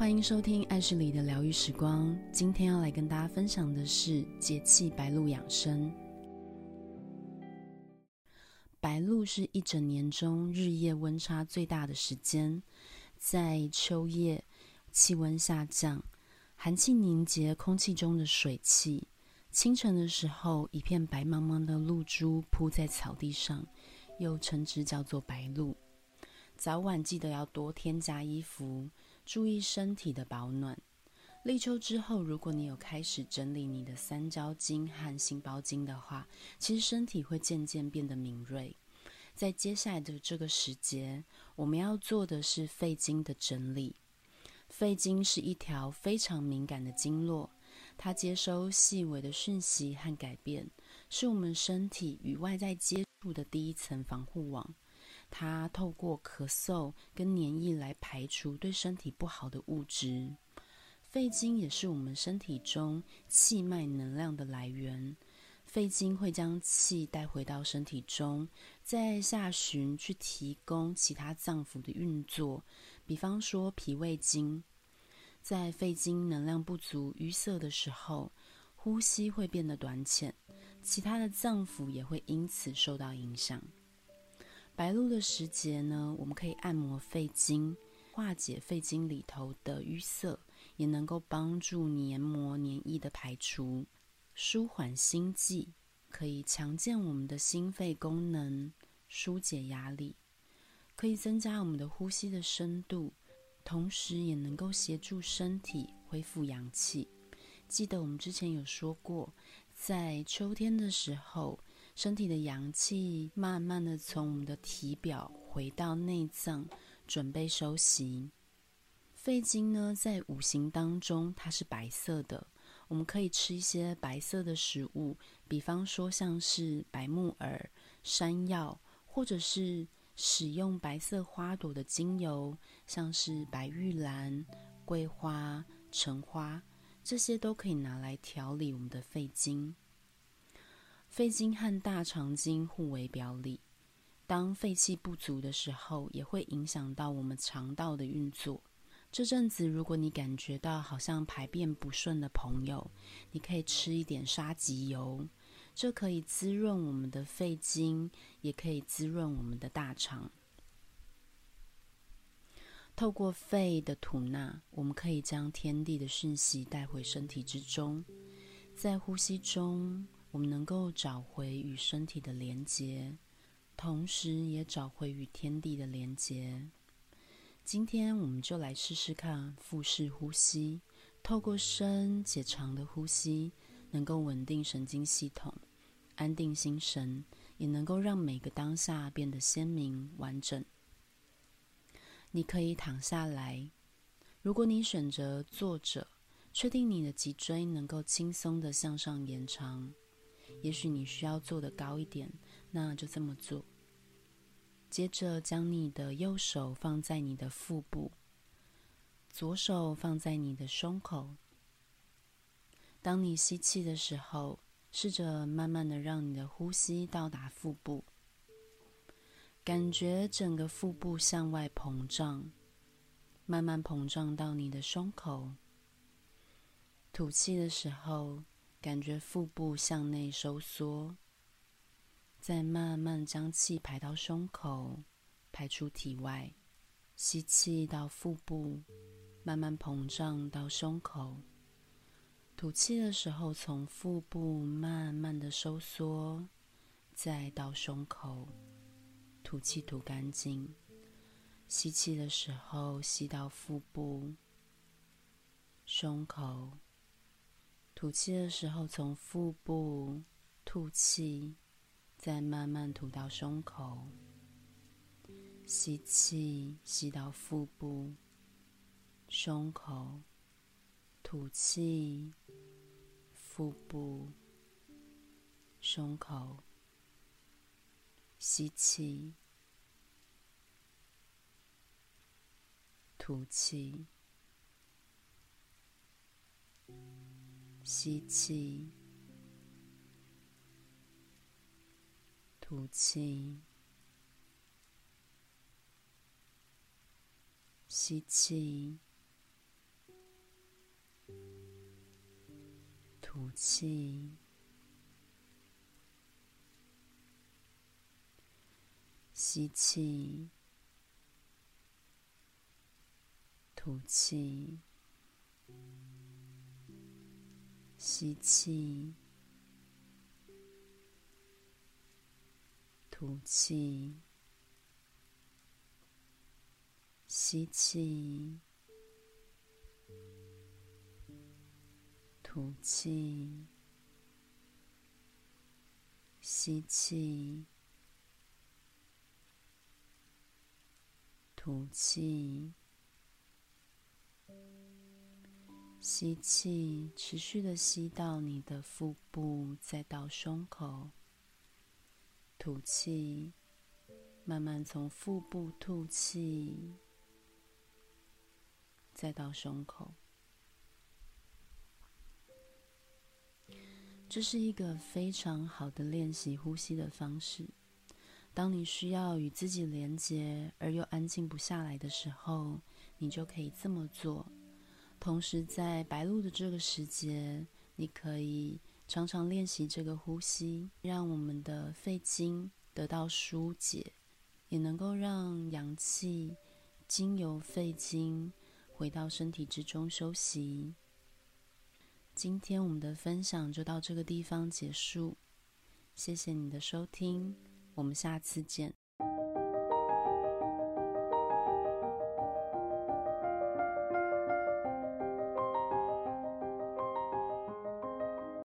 歡迎收聽《愛旭黎的療癒時光》。今天要來跟大家分享的是節氣白露養生。白露是一整年中日夜溫差最大的時間，在秋夜氣溫下降，寒氣凝結空氣中的水汽，清晨的時候一片白茫茫的露珠鋪在草地上，又稱之叫做白露。早晚記得要多添加衣服。注意身體的保暖。立秋之後，如果你有開始整理你的三焦經和心包經的話，其實身體會漸漸變得敏銳。在接下來的這個時節，我們要做的是肺經的整理。肺經是一條非常敏感的經絡，它接收細微的訊息和改變，是我們身體與外在接觸的第一層防護網。它透過咳嗽跟黏液來排除對身體不好的物質。肺經也是我們身體中氣脈能量的來源，肺經會將氣帶回到身體中，再下循去提供其他臟腑的運作，比方說脾胃經。在肺經能量不足淤塞的時候，呼吸會變得短淺，其他的臟腑也會因此受到影響。白露的時節呢，我們可以按摩肺經，化解肺經裡頭的淤塞，也能夠幫助黏膜黏液的排除，舒緩心悸，可以強健我們的心肺功能，紓解壓力，可以增加我們的呼吸的深度，同時也能夠協助身體恢復陽氣。記得我們之前有說過，在秋天的時候。身體的陽氣慢慢的從我們的體表回到內臟，準備收息。肺經呢，在五行當中它是白色的，我們可以吃一些白色的食物，比方說像是白木耳、山藥，或者是使用白色花朵的精油，像是白玉蘭、桂花、橙花，這些都可以拿來調理我們的肺經。肺經和大腸經互為表裡，當肺氣不足的時候，也會影響到我們腸道的運作。這陣子，如果你感覺到好像排便不順的朋友，你可以吃一點沙棘油，這可以滋潤我們的肺經，也可以滋潤我們的大腸。透過肺的吐納，我們可以將天地的訊息帶回身體之中，在呼吸中。我們能夠找回與身體的連結，同時也找回與天地的連結。今天我們就來試試看腹式呼吸，透過深且長的呼吸，能夠穩定神經系統，安定心神，也能夠讓每個當下變得鮮明完整。你可以躺下來，如果你選擇坐着，確定你的脊椎能夠輕鬆地向上延長。也許你需要坐得高一點，那就這麼做。接着將你的右手放在你的腹部，左手放在你的胸口。當你吸氣的時候，試着慢慢的讓你的呼吸到達腹部，感覺整個腹部向外膨脹，慢慢膨脹到你的胸口。吐氣的時候，感覺腹部向內收縮，再慢慢將氣排到胸口，排出體外。吸氣到腹部，慢慢膨脹到胸口。吐氣的時候，從腹部慢慢的收縮，再到胸口。吐氣吐乾淨。吸氣的時候，吸到腹部、胸口。吐氣的時候，從腹部吐氣，再慢慢吐到胸口。吸氣，吸到腹部、胸口；吐氣，腹部、胸口；吸氣，吐氣。吸氣，吐氣，吸氣，吐氣，吸氣，吐氣。吸氣，吐氣，吸氣，吐氣，吸氣，吐氣。吸氣，持續的吸到你的腹部，再到胸口。吐氣，慢慢從腹部吐氣，再到胸口。這是一個非常好的練習呼吸的方式。當你需要與自己連接而又安靜不下來的時候，你就可以這麼做。同時，在白露的這個時節，你可以常常練習這個呼吸，讓我們的肺經得到疏解，也能夠讓陽氣經由肺經回到身體之中休息。今天我們的分享就到這個地方結束，謝謝你的收聽，我們下次見。